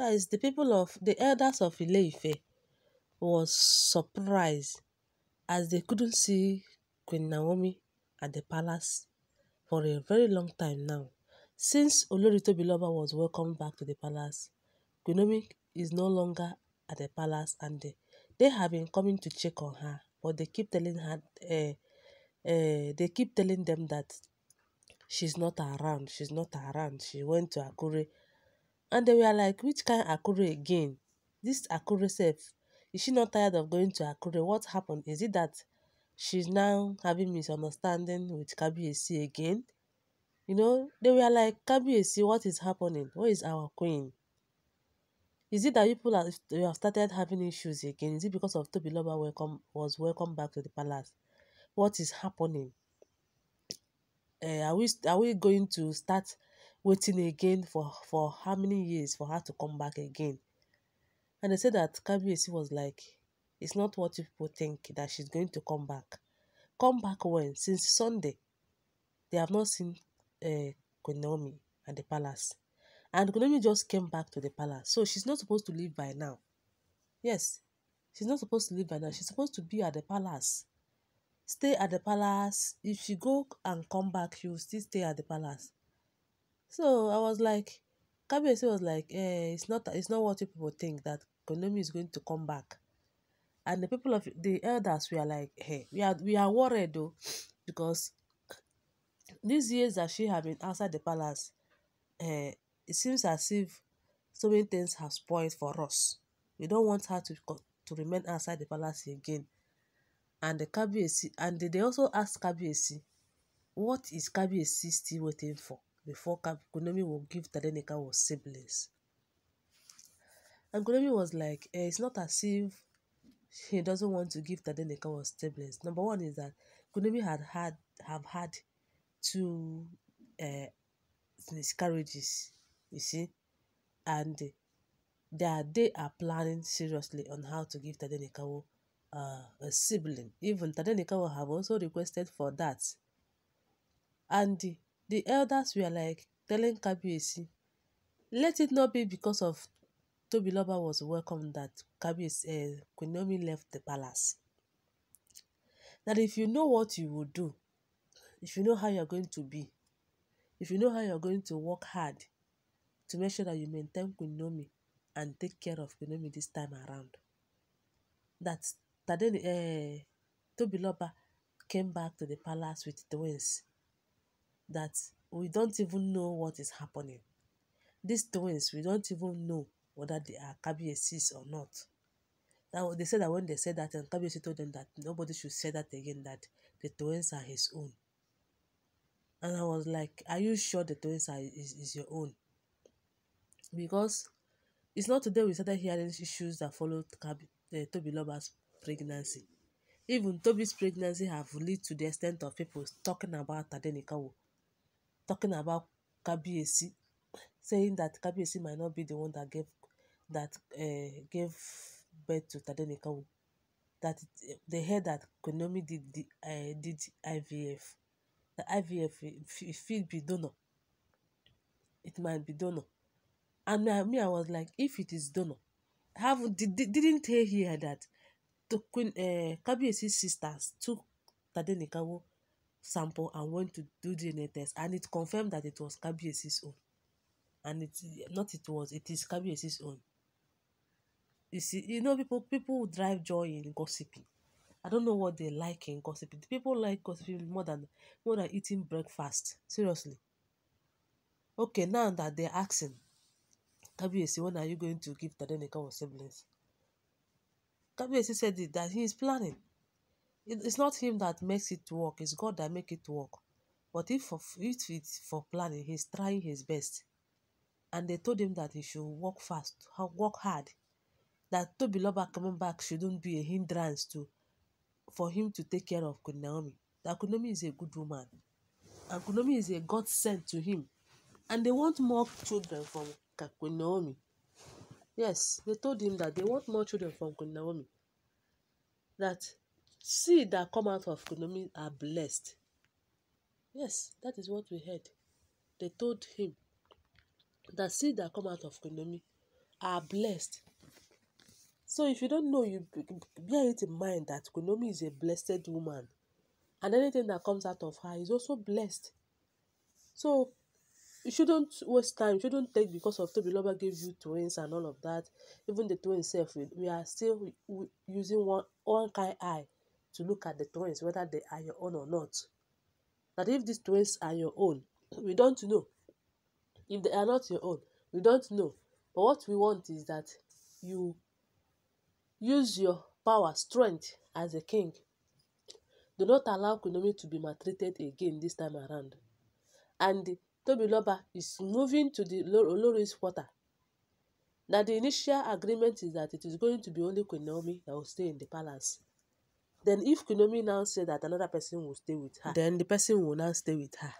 Guys, the people of the elders of Ileife was surprised as they couldn't see Queen Naomi at the palace for a very long time now. Since Olorito Biloba was welcomed back to the palace, Queen Naomi is no longer at the palace and they, they have been coming to check on her, but they keep telling her, uh, uh, they keep telling them that she's not around, she's not around, she went to Akure And they were like which kind Akure again? This Akure self is she not tired of going to Akure? What happened? Is it that she's now having misunderstanding with Kabiyesi again? You know, they were like, Kabiyesi, what is happening? Where is our queen? Is it that people have, have started having issues again? Is it because of Tobiloba welcome, was welcome back to the palace? What is happening? Uh, are we are we going to start waiting again for, for how many years for her to come back again. And they said that Kabiesi was like, it's not what people think that she's going to come back. Come back when? Since Sunday, they have not seen uh, eh, Konomi at the palace. And Konomi just came back to the palace. So she's not supposed to leave by now. Yes, she's not supposed to leave by now. She's supposed to be at the palace. Stay at the palace. If she go and come back, she will still stay at the palace. So I was like, Kabiyesi was like, eh, it's not it's not what people think that Konami is going to come back. And the people of the elders were like, hey, eh, we are we are worried though, because these years that she has been outside the palace, eh, it seems as if so many things have spoiled for us. We don't want her to to remain outside the palace again. And the Kabiyesi and they also asked Kabiyesi, what is Kabiyesi still waiting for? before Konomi will give Tadeneka was siblings. And Konomi was like, eh, it's not as if she doesn't want to give Tadeneka was siblings. Number one is that Konomi had had have had two uh, miscarriages, you see, and they they are planning seriously on how to give Tadenekawo uh, eh, a sibling. Even Tadenekawo have also requested for that. And The elders were like telling Kábíyèsí, let it not be because of Tobiloba was welcome that Kábíyèsí uh, eh, Kunomi left the palace. That if you know what you will do, if you know how you are going to be, if you know how you are going to work hard to make sure that you maintain Kunomi and take care of Kunomi this time around, that Tadeni, uh, eh, Tobiloba came back to the palace with twins that we don't even know what is happening. These twins, we don't even know whether they are Kabiyesi's or not. Now, they said that when they said that, and Kabiyesi told them that nobody should say that again, that the twins are his own. And I was like, are you sure the twins are is, is your own? Because it's not today we started hearing issues that followed Kabi, uh, Toby Loba's pregnancy. Even Toby's pregnancy have led to the extent of people talking about Tadenikawo talking about Kabiyesi, saying that Kabiyesi might not be the one that gave that uh, gave birth to Tadenikawo. That it, they heard that Konomi did the uh, did IVF. The IVF if, if be donor, it might be donor. And I, me, I was like, if it is donor, have did, didn't they hear that the Queen uh, eh, Kabiyesi's sisters took Tadenikawo sample and went to do DNA test and it confirmed that it was Kabiesi's own. And it not it was, it is Kabiesi's own. You see, you know, people people drive joy in gossiping. I don't know what they like in gossiping. People like gossiping more than more than eating breakfast. Seriously. Okay, now that they're asking, Kabiesi, when are you going to give Tadeneka or siblings? Kabiesi said that he is planning. it's not him that makes it work it's god that make it work but if for if it's for planning he's trying his best and they told him that he should work fast work hard that tobiloba coming back shouldn't be a hindrance to for him to take care of queen that queen is a good woman and is a god sent to him and they want more children from queen yes they told him that they want more children from queen that seed that come out of Kunomi are blessed. Yes, that is what we heard. They told him that seed that come out of Kunomi are blessed. So if you don't know, you bear it in mind that Kunomi is a blessed woman. And anything that comes out of her is also blessed. So you shouldn't waste time you shouldn't take because of tobiloba gave you twins and all of that even the twins sef we, we are still we using one one kind eye to look at the twins whether they are your own or not. That if these twins are your own, we don't know. If they are not your own, we don't know. But what we want is that you use your power, strength as a king. Do not allow Kunomi to be maltreated again this time around. And Tobiloba is moving to the Olori's quarter. Now the initial agreement is that it is going to be only Kunomi that will stay in the palace. Then if Kunomi now say that another person will stay with her, then the person will now stay with her.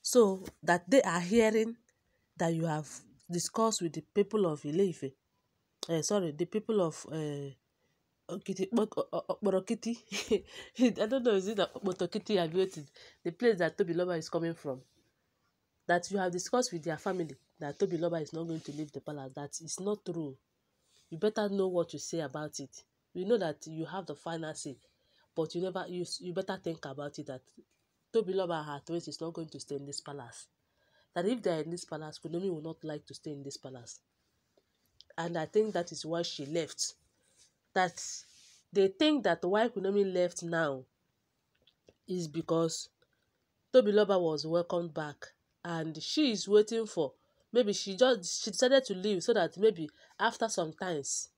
So that they are hearing that you have discussed with the people of Ileife, uh, sorry, the people of uh, Okporokiti. I don't know, is it Okporokiti Abioti, the place that Tobiloba is coming from? That you have discussed with their family that Tobiloba is not going to leave the palace. That is not true. You better know what to say about it. you know that you have the finances, but you never you you better think about it that Tobiloba at ways is not going to stay in this palace. That if they are in this palace, Kunomi will not like to stay in this palace. And I think that is why she left. That they think that why Kunomi left now is because Tobiloba was welcomed back and she is waiting for maybe she just she decided to leave so that maybe after some times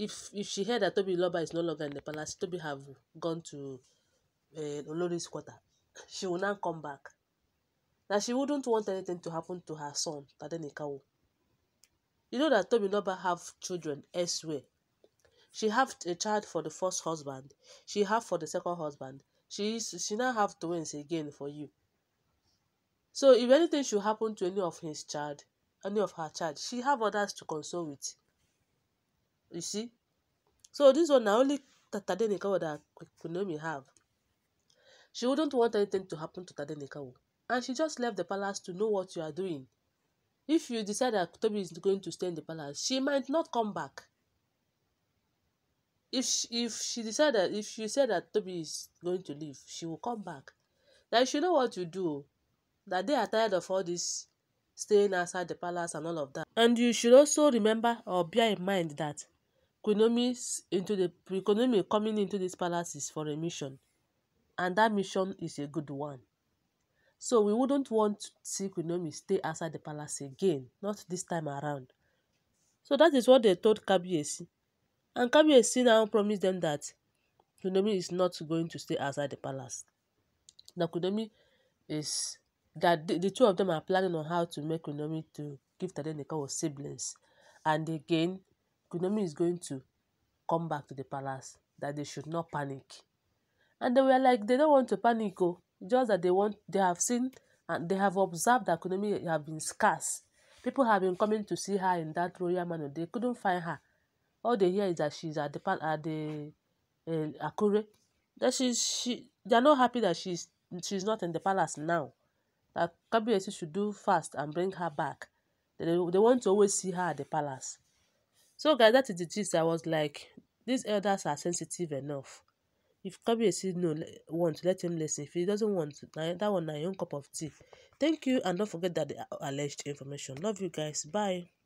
if if she heard that Toby Loba is no longer in the palace, Toby have gone to uh, Olori's quarter. She will now come back. Now she wouldn't want anything to happen to her son, Tadenikawo. You know that Toby Loba have children elsewhere. She have a child for the first husband. She have for the second husband. She is, she now have twins again for you. So if anything should happen to any of his child, any of her child, she have others to console with. You see? So this one, now only Tadenikawo that Kunomi have. She wouldn't want anything to happen to Tadenikawo. And she just left the palace to know what you are doing. If you decide that Toby is going to stay in the palace, she might not come back. If she, if she decide that if she said that Toby is going to leave, she will come back. Now she know what you do. That they are tired of all this staying outside the palace and all of that. And you should also remember or bear in mind that Konami's into the Konami coming into this palace is for a mission, and that mission is a good one. So we wouldn't want to see Konami stay outside the palace again, not this time around. So that is what they told Kabiyesi. And Kabiyesi now promised them that Konami is not going to stay outside the palace. Now Konami is that the, the two of them are planning on how to make Konami to give Tadenikawa siblings. And again, Kunomi is going to come back to the palace, that they should not panic. And they were like, they don't want to panic, oh. just that they want, they have seen and they have observed that Kunomi have been scarce. People have been coming to see her in that royal manor. They couldn't find her. All they hear is that she's at the at the uh, Akure. That she's she. They are not happy that she's she's not in the palace now. That Kabiyesi should do fast and bring her back. They, they want to always see her at the palace. So guys, that is the gist. I was like, these elders are sensitive enough. If says no want, let him listen. If he doesn't want, that one na your own cup of tea. Thank you, and don't forget that the uh, alleged information. Love you guys. Bye.